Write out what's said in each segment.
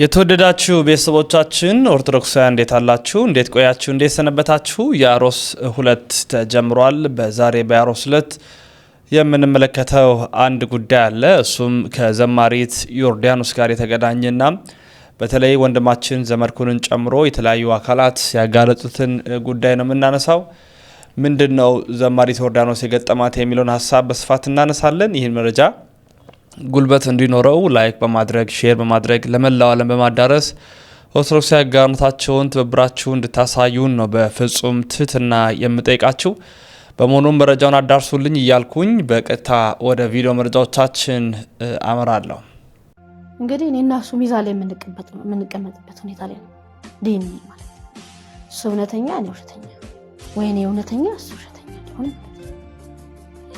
የተወደዳችሁ ቤተሰቦቻችን ኦርቶዶክሳውያን እንዴት አላችሁ? እንዴት ቆያችሁ? እንዴት ሰነበታችሁ? የአሮስ ሁለት ተጀምሯል። በዛሬ በአሮስ ሁለት የምንመለከተው አንድ ጉዳይ አለ። እሱም ከዘማሪት ዮርዳኖስ ጋር የተገናኘና በተለይ ወንድማችን ዘመድኩንን ጨምሮ የተለያዩ አካላት ያጋለጡትን ጉዳይ ነው የምናነሳው። ምንድን ነው ዘማሪት ዮርዳኖስ የገጠማት የሚለውን ሀሳብ በስፋት እናነሳለን። ይህን መረጃ ጉልበት እንዲኖረው ላይክ በማድረግ ሼር በማድረግ ለመላው ዓለም በማዳረስ ኦርቶዶክስ ጋርነታቸውን ትብብራችሁ እንድታሳዩን ነው በፍጹም ትህትና የምጠይቃችሁ። በመሆኑም መረጃውን አዳርሱልኝ እያልኩኝ በቀጥታ ወደ ቪዲዮ መረጃዎቻችን አመራለሁ። እንግዲህ እኔ እና እሱ ሚዛን ላይ የምንቀመጥበት ሁኔታ ላይ ነው። ዲን ማለት እሱ እውነተኛ፣ እኔ ውሸተኛ፣ ወይ እኔ እውነተኛ፣ እሱ ውሸተኛ ሊሆን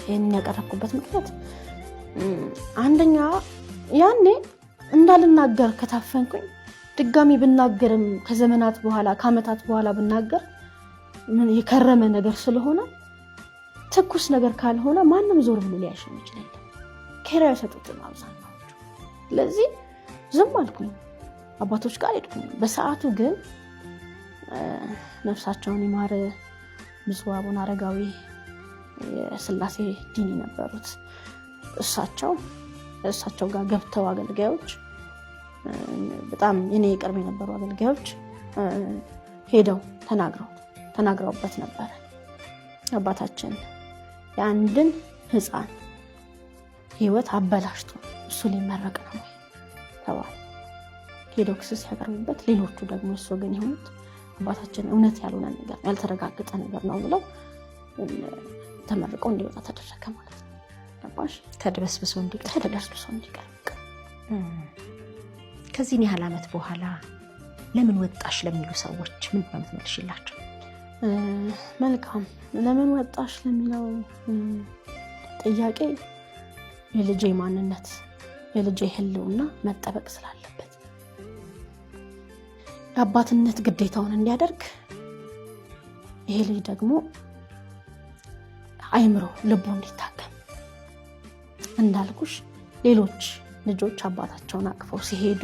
ይህን ያቀረብኩበት ምክንያት አንደኛ ያኔ እንዳልናገር ከታፈንኩኝ ድጋሚ ብናገርም ከዘመናት በኋላ ከአመታት በኋላ ብናገር የከረመ ነገር ስለሆነ ትኩስ ነገር ካልሆነ ማንም ዞር ብሎ ሊያሸም ይችላል። ኬራ የሰጡትን አብዛኛዎቹ። ስለዚህ ዝም አልኩኝ፣ አባቶች ጋር ሄድኩኝ። በሰዓቱ ግን ነፍሳቸውን ይማር ብፁዕ አቡነ አረጋዊ የስላሴ ዲኒ ነበሩት። እሳቸው እሳቸው ጋር ገብተው አገልጋዮች በጣም እኔ ቅርብ የነበሩ አገልጋዮች ሄደው ተናግረው ተናግረውበት ነበረ። አባታችን የአንድን ህፃን ህይወት አበላሽቶ እሱ ሊመረቅ ነው ተባለ። ሄደው ክስ ሲያቀርቡበት ሌሎቹ ደግሞ እሱ ግን የሆኑት አባታችን እውነት ያልሆነ ነገር ያልተረጋገጠ ነገር ነው ብለው ተመርቀው እንዲወጣ ተደረገ ማለት ነው። ገባሽ? ተድበስብሶ እንዲቀር እንዲቀርብ ከዚህን ያህል ዓመት በኋላ ለምን ወጣሽ ለሚሉ ሰዎች ምን ነው መልካም። ለምን ወጣሽ ለሚለው ጥያቄ የልጄ ማንነት የልጄ ህልውና መጠበቅ ስላለበት የአባትነት ግዴታውን እንዲያደርግ ይሄ ልጅ ደግሞ አይምሮ ልቡ እንዲታገል እንዳልኩሽ ሌሎች ልጆች አባታቸውን አቅፈው ሲሄዱ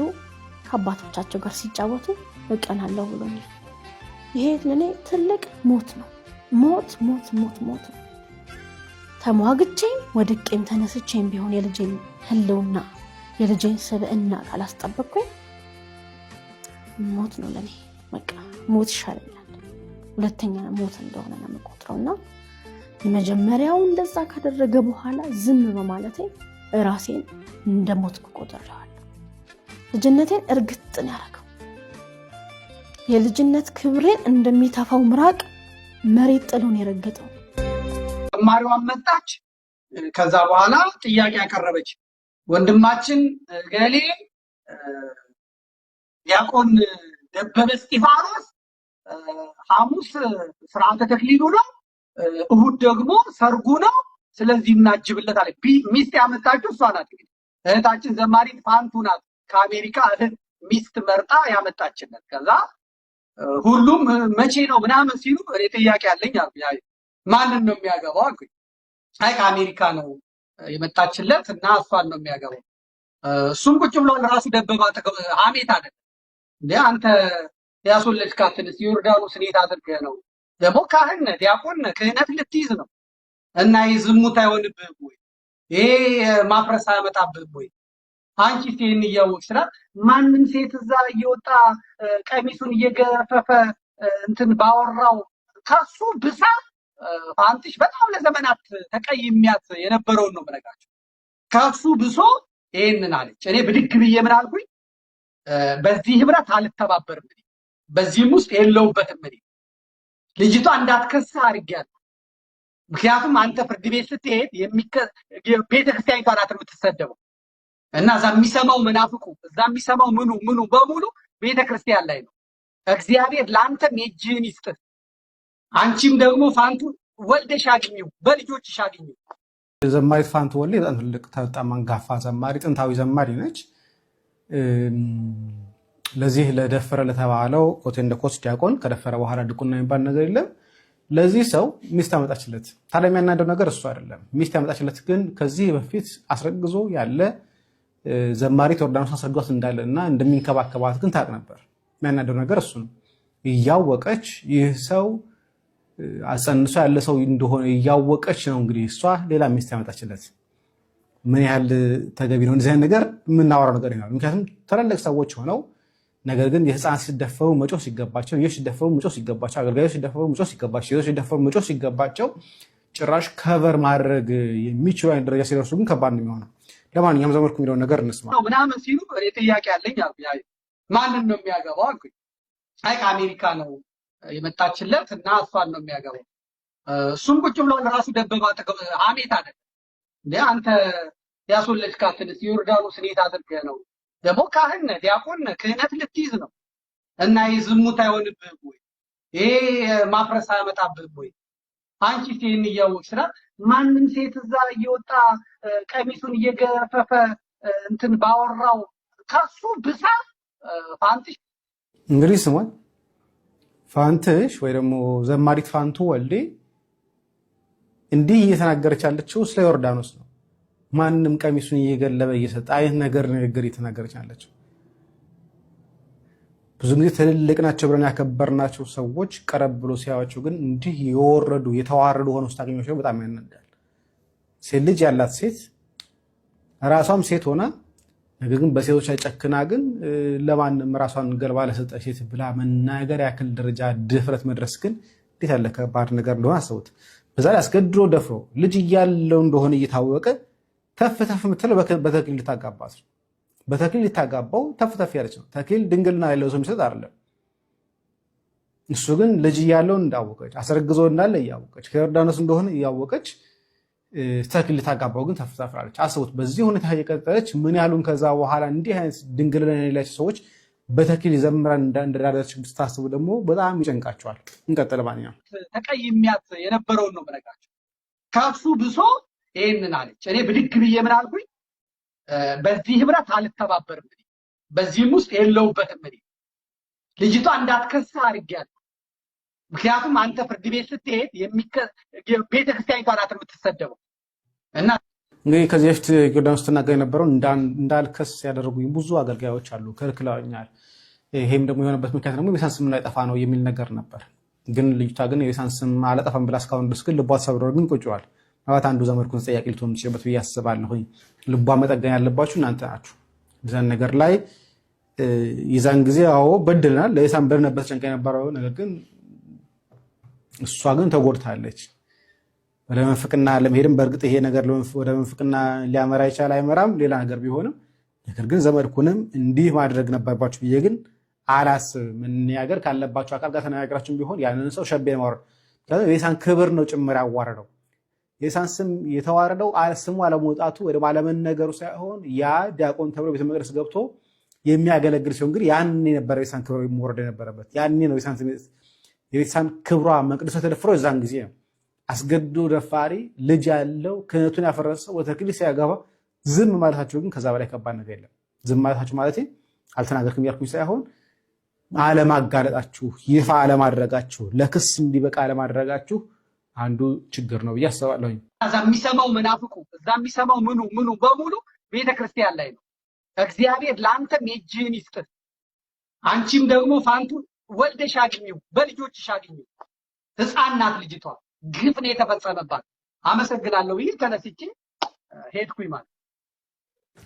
ከአባቶቻቸው ጋር ሲጫወቱ እቀናለሁ ብሎኛል። ይሄ ለእኔ ትልቅ ሞት ነው። ሞት ሞት ሞት ሞት ነው። ተሟግቼም ወድቄም ተነስቼም ቢሆን የልጄን ህልውና የልጄን ስብዕና ካላስጠበቅኩኝ ሞት ነው ለእኔ። በቃ ሞት ይሻለኛል። ሁለተኛ ሞት እንደሆነ ነው የምቆጥረው እና መጀመሪያው እንደዛ ካደረገ በኋላ ዝም በማለቴ እንደ ሞትኩ ቆጥሬዋለሁ። ልጅነቴን እርግጥን ያደረገው የልጅነት ክብሬን እንደሚተፋው ምራቅ መሬት ጥሎን የረገጠው ተማሪዋን መጣች። ከዛ በኋላ ጥያቄ ያቀረበች ወንድማችን ገሌ ዲያቆን ደበበ እስጢፋኖስ ሐሙስ ስርዓተ ተክሊሉ ነው እሁድ ደግሞ ሰርጉ ነው። ስለዚህ አለ። ሚስት ያመጣችው እሷ ናት። እህታችን ዘማሪት ፋንቱ ናት። ከአሜሪካ እህት ሚስት መርጣ ያመጣችለት። ከዛ ሁሉም መቼ ነው ምናምን ሲሉ እኔ ጥያቄ አለኝ አሉ። ማንን ነው የሚያገባው አልኩኝ። አይ ከአሜሪካ ነው የመጣችለት እና እሷን ነው የሚያገባው። እሱም ቁጭ ብሏል። ራሱ ደበባ ሀሜት አለ። አንተ ያስወለድካትን እስኪ ዮርዳኖስን አድርገህ ነው ደግሞ ካህን ዲያቆን ክህነት ልትይዝ ነው እና ይህ ዝሙት አይሆንብህም ወይ? ይሄ ማፍረስ አያመጣብህም ወይ? አንቺ ሴን እያወቅሽ ስላት ማንም ሴት እዛ እየወጣ ቀሚሱን እየገፈፈ እንትን ባወራው ከሱ ብሳ አንትሽ በጣም ለዘመናት ተቀይሚያት የነበረውን ነው የምነግራቸው። ከሱ ብሶ ይህንን አለች። እኔ ብድግ ብዬ ምን አልኩኝ? በዚህ ህብረት አልተባበርም፣ በዚህም ውስጥ የለውበትም እኔ ልጅቷ እንዳትከስህ አድርጌያለሁ። ምክንያቱም አንተ ፍርድ ቤት ስትሄድ ቤተክርስቲያኒቷ ናት የምትሰደበው እና እዛ የሚሰማው መናፍቁ እዛ የሚሰማው ምኑ ምኑ በሙሉ ቤተክርስቲያን ላይ ነው። እግዚአብሔር ለአንተም የእጅህን ይስጥህ። አንቺም ደግሞ ፋንቱ ወልደሽ አግኘው፣ በልጆችሽ አግኘው። ዘማሪት ፋንቱ ወልዴ በጣም ትልቅ በጣም አንጋፋ ዘማሪ፣ ጥንታዊ ዘማሪ ነች። ለዚህ ለደፈረ ለተባለው ኮቴንደኮስ ዲያቆን ከደፈረ በኋላ ድቁና የሚባል ነገር የለም። ለዚህ ሰው ሚስት ያመጣችለት። ታዲያ የሚያናደው ነገር እሱ አይደለም። ሚስት ያመጣችለት ግን ከዚህ በፊት አስረግዞ ያለ ዘማሪት ዮርዳኖስ አስረግዟት እንዳለ እና እንደሚንከባከባት ግን ታውቅ ነበር። የሚያናደው ነገር እሱ ነው። እያወቀች ይህ ሰው አጸንሶ ያለ ሰው እንደሆነ እያወቀች ነው እንግዲህ እሷ ሌላ ሚስት ያመጣችለት። ምን ያህል ተገቢ ነው እንደዚህ ነገር የምናወራው ነገር ይሆናል። ምክንያቱም ትላልቅ ሰዎች ሆነው ነገር ግን የህፃናት ሲደፈሩ መጮህ ሲገባቸው፣ ልጆች ሲደፈሩ መጮህ ሲገባቸው፣ አገልጋዮች ሲደፈሩ መጮህ ሲገባቸው፣ ሴቶች ሲደፈሩ መጮህ ሲገባቸው ጭራሽ ከቨር ማድረግ የሚችሉ አይነት ደረጃ ሲደርሱ ግን ከባድ ነው የሚሆነው። ለማንኛውም ዘመድኩ የሚለውን ነገር እንስማ ምናምን ሲሉ እኔ ጥያቄ አለኝ አሉ። ማንን ነው የሚያገባው አልኩኝ። አይ ከአሜሪካ ነው የመጣችለት እና እሷን ነው የሚያገባው። እሱም ቁጭ ብሎ ለራሱ ደበባ ጥቅም ሀሜት አለ። አንተ ያስወለድካትን እስኪ ዮርዳኖስን የት አድርገህ ነው ደግሞ ካህን ዲያቆን ክህነት ልትይዝ ነው እና ይህ ዝሙት አይሆንብህም ወይ? ይሄ ማፍረስ አያመጣብህም ወይ? አንቺ ሴን እያወቅ ስራ ማንም ሴት እዛ እየወጣ ቀሚሱን እየገፈፈ እንትን ባወራው ከሱ ብሳ ፋንትሽ እንግዲህ ስሞን ፋንትሽ ወይ ደግሞ ዘማሪት ፋንቱ ወልዴ እንዲህ እየተናገረች ያለችው ስለ ዮርዳኖስ ነው። ማንም ቀሚሱን እየገለበ እየሰጠ አይነት ነገር ንግግር እየተናገረች ያለችው። ብዙ ጊዜ ትልልቅ ናቸው ብለን ያከበርናቸው ሰዎች ቀረብ ብሎ ሲያዩዋቸው ግን እንዲህ የወረዱ የተዋረዱ ሆነው ስታገኛቸው በጣም ያናዳል። ሴት ልጅ ያላት ሴት ራሷም ሴት ሆና ነገር ግን በሴቶች ላይ ጨክና ግን ለማንም ራሷን ገልባ ለሰጠች ሴት ብላ መናገር ያክል ደረጃ ድፍረት መድረስ ግን እንዴት ያለ ከባድ ነገር እንደሆነ አሰቡት። በዛ ላይ አስገድዶ ደፍሮ ልጅ እያለው እንደሆነ እየታወቀ ተፍ ተፍ የምትለው በተክሊል ልታጋባት ነው። በተክሊል ልታጋባው ተፍ ተፍ ያለች ነው። ተክሊል ድንግልና ያለው ሰው የሚሰጥ አይደለም። እሱ ግን ልጅ እያለው እንዳወቀች አስረግዞ እንዳለ እያወቀች ከዮርዳኖስ እንደሆነ እያወቀች ተክሊል ልታጋባው ግን ተፍ ተፍ አለች። አስቡት፣ በዚህ ሁኔታ እየቀጠለች ምን ያሉን ከዛ በኋላ እንዲህ አይነት ድንግልና የሌላቸው ሰዎች በተክሊል ዘምራን እንደዳደረች ብታስቡ ደግሞ በጣም ይጨንቃቸዋል። እንቀጥል። ማንኛውም ተቀይሚያት የነበረውን ነው መነቃቸው ከሱ ብሶ ይህንን አለች። እኔ ብድግ ብዬ ምን አልኩኝ? በዚህ ህብረት አልተባበርም፣ በዚህም ውስጥ የለውበትም። እኔ ልጅቷ እንዳትከሳ አድርጌያለሁ። ምክንያቱም አንተ ፍርድ ቤት ስትሄድ ቤተክርስቲያኒቷ ናት የምትሰደበው እና እንግዲህ ከዚህ በፊት ዮርዳኖስ ስትናገር የነበረው እንዳልከስ ያደረጉኝ ብዙ አገልጋዮች አሉ፣ ከልክለውኛል። ይሄም ደግሞ የሆነበት ምክንያት ደግሞ የቤዛን ስም ላይጠፋ ነው የሚል ነገር ነበር። ግን ልጅቷ ግን የቤዛን ስም አላጠፋም ብላ እስካሁን ድረስ ግን ልቧ ተሰብሮ ግን ቁጭዋል። ምናልባት አንዱ ዘመድኩን ጠያቂ ልትሆን የምትችልበት ብዬ አስባለሁኝ። ልቧ መጠገን ያለባችሁ እናንተ ናችሁ። ብዛን ነገር ላይ የዛን ጊዜ አዎ በድልናል። ለሳን ብለን ነበር ጨንቀ የነበረው ነገር ግን እሷ ግን ተጎድታለች። ወደ መንፍቅና ለመሄድም በእርግጥ ይሄ ነገር ወደ መንፍቅና ሊያመራ ይቻል አይመራም፣ ሌላ ነገር ቢሆንም ነገር ግን ዘመድኩንም እንዲህ ማድረግ ነበርባችሁ ብዬ ግን አላስብም። መነጋገር ካለባቸው አካል ጋር ተነጋግራችሁ ቢሆን ያንን ሰው ሸቤ ማውረድ የኢሳን ክብር ነው ጭምር ያዋረደው። የሳን ስም የተዋረደው ስሙ አለመውጣቱ ወደ አለመነገሩ ሳይሆን ያ ዲያቆን ተብሎ ቤተ መቅደስ ገብቶ የሚያገለግል ሲሆን ግን ያኔ ነበረ የሳን ክብር መውረድ የነበረበት ያኔ ነው። የቤተሳን ክብሯ መቅደሶ ተደፍሮ የዛን ጊዜ ነው። አስገድዶ ደፋሪ ልጅ ያለው ክህነቱን ያፈረሰ ወደ ክሊስ ያገባ ዝም ማለታቸው ግን ከዛ በላይ ከባድ ነገር የለም። ዝም ማለታቸው ማለት አልተናገርክም ያልኩኝ ሳይሆን አለማጋለጣችሁ፣ ይፋ አለማድረጋችሁ፣ ለክስ እንዲበቃ አለማድረጋችሁ አንዱ ችግር ነው ብዬ አስባለሁኝ። እዛ የሚሰማው መናፍቁ እዛ የሚሰማው ምኑ ምኑ በሙሉ ቤተክርስቲያን ላይ ነው። እግዚአብሔር ለአንተም የእጅህን ይስጥህ። አንቺም ደግሞ ፋንቱ ወልደሽ አግኘው፣ በልጆችሽ አግኘው። ህፃን ናት ልጅቷ፣ ግፍ ነው የተፈጸመባት። አመሰግናለሁ። ይህ ተነስቼ ሄድኩኝ ማለት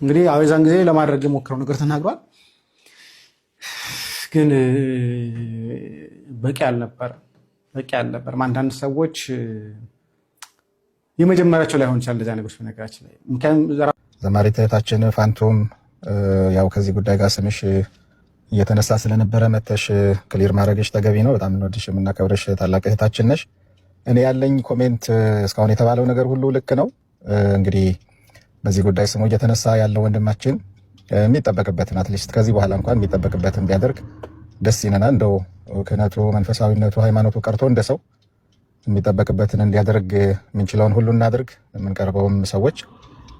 እንግዲህ አበዛን ጊዜ ለማድረግ የሞክረው ነገር ተናግሯል፣ ግን በቂ አልነበረ በቂ አልነበረም። አንዳንድ ሰዎች የመጀመሪያቸው ላይሆን ይችላል እንደዚያ ነገሮች በነገራችን ላይ ዘማሪት እህታችን ፋንቶም ያው ከዚህ ጉዳይ ጋር ስምሽ እየተነሳ ስለነበረ መተሽ ክሊር ማድረግሽ ተገቢ ነው። በጣም እንወድሽ የምናከብረሽ ታላቅ እህታችን ነሽ። እኔ ያለኝ ኮሜንት እስካሁን የተባለው ነገር ሁሉ ልክ ነው። እንግዲህ በዚህ ጉዳይ ስሙ እየተነሳ ያለው ወንድማችን የሚጠበቅበትን አትሊስት ከዚህ በኋላ እንኳን የሚጠበቅበትን ቢያደርግ ደስ ይለናል። እንደው ክህነቱ መንፈሳዊነቱ፣ ሃይማኖቱ ቀርቶ እንደ ሰው የሚጠበቅበትን እንዲያደርግ የምንችለውን ሁሉ እናድርግ፣ የምንቀርበውም ሰዎች።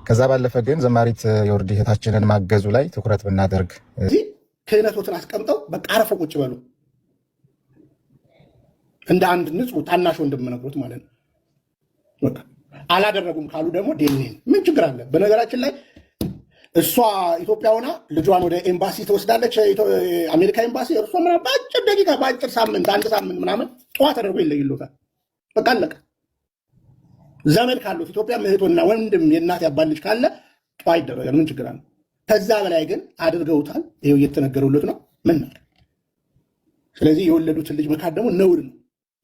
ከዛ ባለፈ ግን ዘማሪት የወርድ እህታችንን ማገዙ ላይ ትኩረት ብናደርግ ክህነቶትን አስቀምጠው በቃ አረፈ ቁጭ በሉ እንደ አንድ ንጹህ ታናሽ ወንድም ማለት ነው። አላደረጉም ካሉ ደግሞ ዴኔን ምን ችግር አለ? በነገራችን ላይ እሷ ኢትዮጵያ ሆና ልጇን ወደ ኤምባሲ ትወስዳለች። አሜሪካ ኤምባሲ እርሷ ምና በአጭር ደቂቃ በአጭር ሳምንት አንድ ሳምንት ምናምን ጠዋ ተደርጎ ይለይሎታል። በቃ አለቀ። ዘመድ ካሉት ኢትዮጵያ እህቶና ወንድም የእናት ያባት ልጅ ካለ ጠዋ ይደረጋል። ምን ችግር አለ? ከዛ በላይ ግን አድርገውታል። ይኸው እየተነገሩለት ነው። ምን ነው ስለዚህ የወለዱትን ልጅ መካድ ደግሞ ነውር ነው፣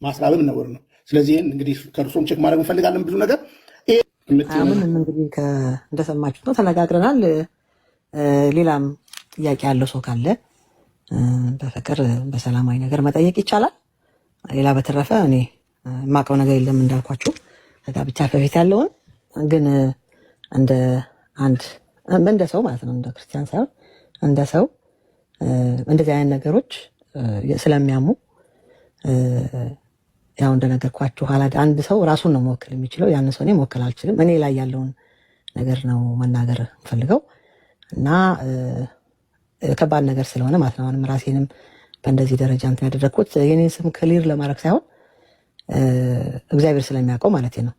ማስራብም ነውር ነው። ስለዚህ እንግዲህ ከእርሶም ቼክ ማድረግ እንፈልጋለን ብዙ ነገር ምንም እንግዲህ እንደሰማችሁ ነው፣ ተነጋግረናል። ሌላም ጥያቄ ያለው ሰው ካለ በፍቅር በሰላማዊ ነገር መጠየቅ ይቻላል። ሌላ በተረፈ እኔ የማውቀው ነገር የለም እንዳልኳችሁ ከጋብቻ በፊት ያለውን ግን እንደ አንድ እንደ ሰው ማለት ነው እንደ ክርስቲያን ሳይሆን እንደ ሰው እንደዚህ አይነት ነገሮች ስለሚያሙ ያው እንደነገርኳችሁ ኋላ አንድ ሰው ራሱን ነው መወከል የሚችለው። ያን ሰው እኔ መወከል አልችልም። እኔ ላይ ያለውን ነገር ነው መናገር ፈልገው እና ከባድ ነገር ስለሆነ ማለት ነው። አሁንም ራሴንም በእንደዚህ ደረጃ እንትን ያደረግኩት የኔን ስም ክሊር ለማድረግ ሳይሆን እግዚአብሔር ስለሚያውቀው ማለት ነው።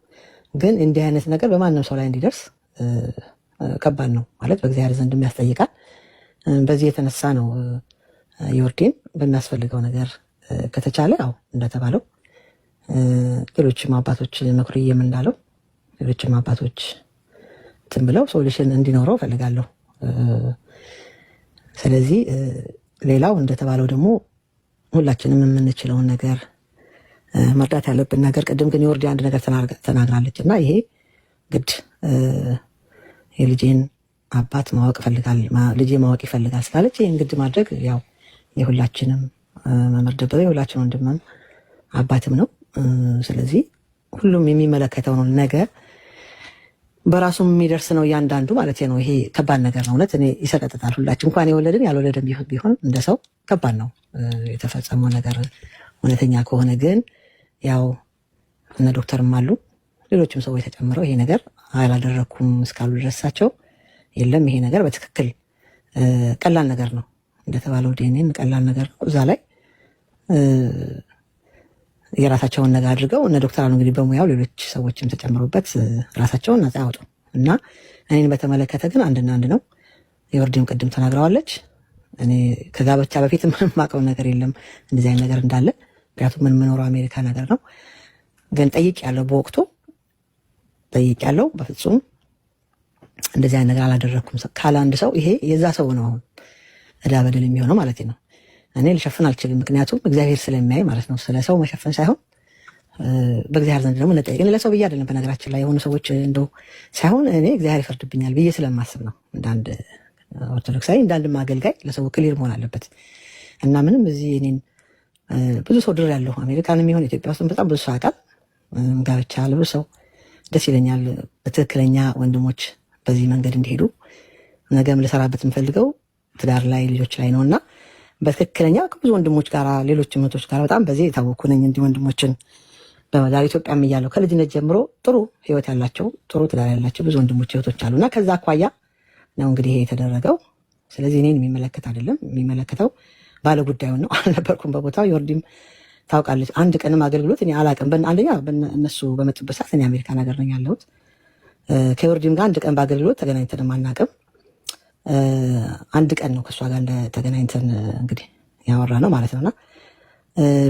ግን እንዲህ አይነት ነገር በማንም ሰው ላይ እንዲደርስ ከባድ ነው ማለት በእግዚአብሔር ዘንድም ያስጠይቃል። በዚህ የተነሳ ነው ዮርዲን በሚያስፈልገው ነገር ከተቻለ ያው እንደተባለው ሌሎችም አባቶች መኩርዬም እንዳለው ሌሎችም አባቶች እንትን ብለው ሶሉሽን እንዲኖረው ፈልጋለሁ ስለዚህ ሌላው እንደተባለው ደግሞ ሁላችንም የምንችለውን ነገር መርዳት ያለብን ነገር ቅድም ግን የወርድ አንድ ነገር ተናግራለች እና ይሄ ግድ የልጄን አባት ማወቅ ልጄ ማወቅ ይፈልጋል ስላለች ይህን ግድ ማድረግ ያው የሁላችንም መመርደበ የሁላችን ወንድምም አባትም ነው። ስለዚህ ሁሉም የሚመለከተው ነው ነገር በራሱ የሚደርስ ነው እያንዳንዱ ማለት ነው። ይሄ ከባድ ነገር ነው እውነት እኔ ይሰቀጥታል። ሁላችን እንኳን የወለድን ያልወለድን ቢሆን እንደ ሰው ከባድ ነው የተፈጸመው ነገር እውነተኛ ከሆነ ግን ያው እነ ዶክተርም አሉ ሌሎችም ሰዎች ተጨምረው ይሄ ነገር አላደረግኩም እስካሉ ድረሳቸው የለም ይሄ ነገር በትክክል ቀላል ነገር ነው እንደተባለው ዲኤንኤን ቀላል ነገር ነው እዛ ላይ የራሳቸውን ነገር አድርገው እነ ዶክተር አሉ እንግዲህ በሙያው ሌሎች ሰዎችም ተጨምሩበት ራሳቸውን ነጻ ያወጡ እና እኔን በተመለከተ ግን አንድና አንድ ነው። የወርዲም ቅድም ተናግረዋለች። እኔ ከጋብቻ በፊት የማውቀው ነገር የለም እንደዚህ አይነት ነገር እንዳለ፣ ምክንያቱም ምን የምኖረው አሜሪካ ነገር ነው። ግን ጠይቅ ያለው በወቅቱ ጠይቅ ያለው በፍጹም እንደዚህ አይነት ነገር አላደረግኩም ካለ አንድ ሰው ይሄ የዛ ሰው ነው አሁን እዳ በደል የሚሆነው ማለት ነው። እኔ ልሸፍን አልችልም። ምክንያቱም እግዚአብሔር ስለሚያይ ማለት ነው። ስለ ሰው መሸፈን ሳይሆን በእግዚአብሔር ዘንድ ደግሞ ነጠ ግን ለሰው ብዬ አይደለም። በነገራችን ላይ የሆኑ ሰዎች እንደ ሳይሆን እኔ እግዚአብሔር ይፈርድብኛል ብዬ ስለማስብ ነው። እንዳንድ ኦርቶዶክሳዊ እንዳንድ ማገልጋይ ለሰው ክሊር መሆን አለበት እና ምንም እዚህ እኔን ብዙ ሰው ድር ያለሁ አሜሪካን የሚሆን ኢትዮጵያ ውስጥ በጣም ብዙ ሰው አውቃል። ጋብቻ ለብዙ ሰው ደስ ይለኛል። በትክክለኛ ወንድሞች በዚህ መንገድ እንዲሄዱ ነገም ልሰራበት የምፈልገው ትዳር ላይ ልጆች ላይ ነው እና በትክክለኛ ከብዙ ወንድሞች ጋር ሌሎች እምነቶች ጋር በጣም በዚህ የታወኩ ነኝ። እንዲህ ወንድሞችን በመዳር ኢትዮጵያም እያለሁ ከልጅነት ጀምሮ ጥሩ ህይወት ያላቸው ጥሩ ትዳር ያላቸው ብዙ ወንድሞች ህይወቶች አሉ እና ከዛ አኳያ ነው እንግዲህ ይሄ የተደረገው። ስለዚህ እኔን የሚመለከት አይደለም። የሚመለከተው ባለ ጉዳዩን ነው። አልነበርኩም በቦታው። የወርዲም ታውቃለች። አንድ ቀንም አገልግሎት እኔ አላቅም። አንደኛ እነሱ በመጡበት ሰዓት እኔ አሜሪካን ሀገር ነኝ ያለሁት። ከወርዲም ጋር አንድ ቀን በአገልግሎት ተገናኝተንም አናቅም። አንድ ቀን ነው ከእሷ ጋር ተገናኝተን እንግዲህ ያወራ ነው ማለት ነውና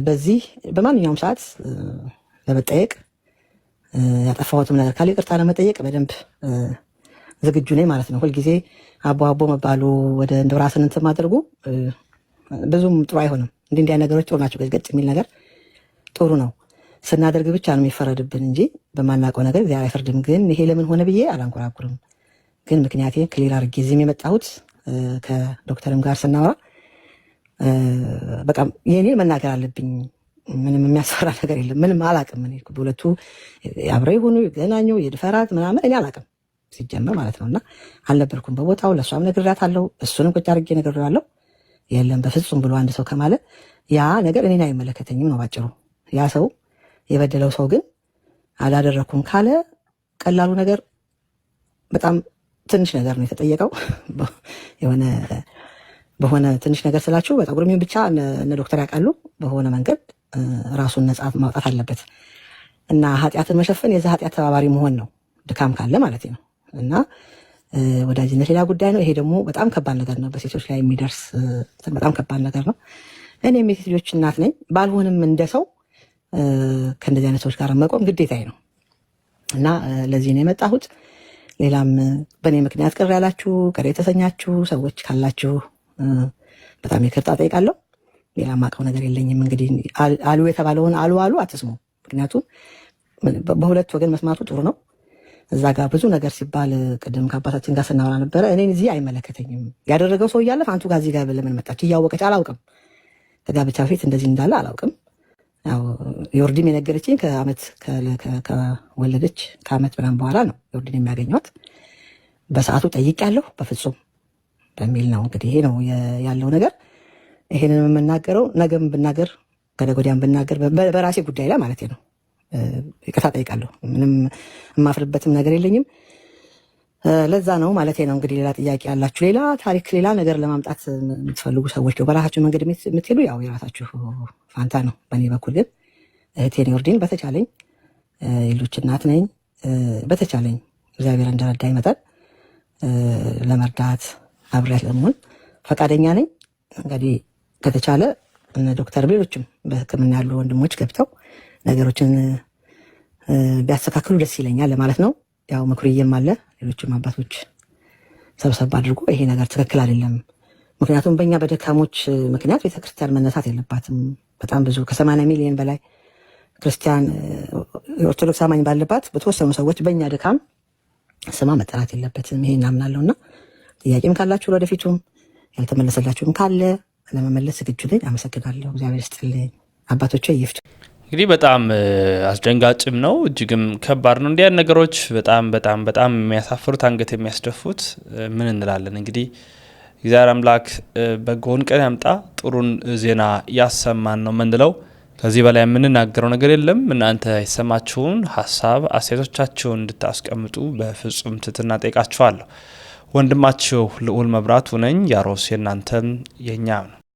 በዚህ በማንኛውም ሰዓት ለመጠየቅ ያጠፋሁትም ነገር ካለ ይቅርታ ለመጠየቅ በደንብ ዝግጁ ነኝ ማለት ነው። ሁልጊዜ አቦ አቦ መባሉ ወደ እንደው ራስን እንትን ማድረጉ ብዙም ጥሩ አይሆንም። እንዲህ እንዲያ ነገሮች ጥሩ ናቸው። ገጭ የሚል ነገር ጥሩ ነው። ስናደርግ ብቻ ነው የሚፈረድብን እንጂ በማናውቀው ነገር እግዚአብሔር አይፈርድም። ግን ይሄ ለምን ሆነ ብዬ አላንኮራኩርም። ግን ምክንያቴ ክሊር አድርጌ እዚህም የመጣሁት ከዶክተርም ጋር ስናወራ በቃ የኔን መናገር አለብኝ። ምንም የሚያስፈራ ነገር የለም። ምንም አላቅም። ምን በሁለቱ አብረው የሆኑ የገናኙ የድፈራት ምናምን እኔ አላቅም ሲጀመር ማለት ነው። እና አልነበርኩም በቦታው ለእሷም ነግርዳት አለው እሱንም ቁጭ አድርጌ ነግሬዋለሁ። የለም በፍጹም ብሎ አንድ ሰው ከማለ ያ ነገር እኔን አይመለከተኝም ነው ባጭሩ። ያ ሰው የበደለው ሰው ግን አላደረግኩም ካለ ቀላሉ ነገር በጣም ትንሽ ነገር ነው የተጠየቀው። የሆነ በሆነ ትንሽ ነገር ስላችሁ በፀጉር የሚሆን ብቻ እነ ዶክተር ያውቃሉ። በሆነ መንገድ ራሱን ነጻ ማውጣት አለበት እና ኃጢአትን መሸፈን የዛ ኃጢአት ተባባሪ መሆን ነው፣ ድካም ካለ ማለት ነው። እና ወዳጅነት ሌላ ጉዳይ ነው። ይሄ ደግሞ በጣም ከባድ ነገር ነው። በሴቶች ላይ የሚደርስ በጣም ከባድ ነገር ነው። እኔም የሴት ልጆች እናት ነኝ። ባልሆንም እንደ ሰው ከእንደዚህ አይነት ሰዎች ጋር መቆም ግዴታዬ ነው እና ለዚህ ነው የመጣሁት። ሌላም በእኔ ምክንያት ቅር ያላችሁ ቅር የተሰኛችሁ ሰዎች ካላችሁ በጣም ይቅርታ ጠይቃለሁ። ሌላ ማቀው ነገር የለኝም። እንግዲህ አሉ የተባለውን አሉ አሉ አትስሙ። ምክንያቱም በሁለት ወገን መስማቱ ጥሩ ነው። እዛ ጋር ብዙ ነገር ሲባል ቅድም ከአባታችን ጋር ስናወራ ነበረ። እኔን እዚህ አይመለከተኝም ያደረገው ሰው እያለፍ አንቱ ጋር እዚህ ጋር ለምን መጣች እያወቀች አላውቅም። ከጋብቻ በፊት እንደዚህ እንዳለ አላውቅም። ያው ዮርዲን የነገረችኝ ከአመት ከወለደች ከአመት ምናምን በኋላ ነው የወርድን የሚያገኘት በሰዓቱ ጠይቄያለሁ። በፍጹም በሚል ነው እንግዲህ ይሄ ነው ያለው ነገር። ይሄንን የምናገረው ነገም ብናገር ከነገ ወዲያም ብናገር በራሴ ጉዳይ ላይ ማለት ነው ይቅርታ ጠይቃለሁ። ምንም የማፍርበትም ነገር የለኝም። ለዛ ነው ማለት ነው። እንግዲህ ሌላ ጥያቄ ያላችሁ ሌላ ታሪክ፣ ሌላ ነገር ለማምጣት የምትፈልጉ ሰዎች በራሳችሁ መንገድ የምትሄዱ ያው የራሳችሁ ፋንታ ነው። በእኔ በኩል ግን እህቴን ዮርዲን በተቻለኝ ሌሎች እናት ነኝ በተቻለኝ እግዚአብሔር እንደረዳኝ መጠን ለመርዳት አብሬያት ለመሆን ፈቃደኛ ነኝ። እንግዲህ ከተቻለ እነ ዶክተር ሌሎችም በሕክምና ያሉ ወንድሞች ገብተው ነገሮችን ቢያስተካክሉ ደስ ይለኛል ለማለት ነው። ያው ምኩርዬም አለ ሌሎችም አባቶች ሰብሰብ አድርጎ ይሄ ነገር ትክክል አይደለም። ምክንያቱም በእኛ በደካሞች ምክንያት ቤተክርስቲያን መነሳት የለባትም። በጣም ብዙ ከሰማንያ ሚሊዮን በላይ ክርስቲያን ኦርቶዶክስ አማኝ ባለባት በተወሰኑ ሰዎች በእኛ ድካም ስማ መጠራት የለበትም። ይሄ እናምናለሁ እና ጥያቄም ካላችሁ ለወደፊቱም ያልተመለሰላችሁም ካለ ለመመለስ ዝግጁ ነኝ። አመሰግናለሁ። እግዚአብሔር ስጥልኝ። አባቶቼ ይፍቱ። እንግዲህ በጣም አስደንጋጭም ነው፣ እጅግም ከባድ ነው። እንዲያን ነገሮች በጣም በጣም በጣም የሚያሳፍሩት አንገት የሚያስደፉት ምን እንላለን እንግዲህ እግዚአብሔር አምላክ በጎን ቀን ያምጣ፣ ጥሩን ዜና ያሰማን ነው ምንለው። ከዚህ በላይ የምንናገረው ነገር የለም። እናንተ የተሰማችሁን ሀሳብ አስተያየቶቻችሁን እንድታስቀምጡ በፍጹም ትህትና ጠይቃችኋለሁ። ወንድማችሁ ልዑል መብራቱ ነኝ። ያሮስ የእናንተም የእኛም ነው።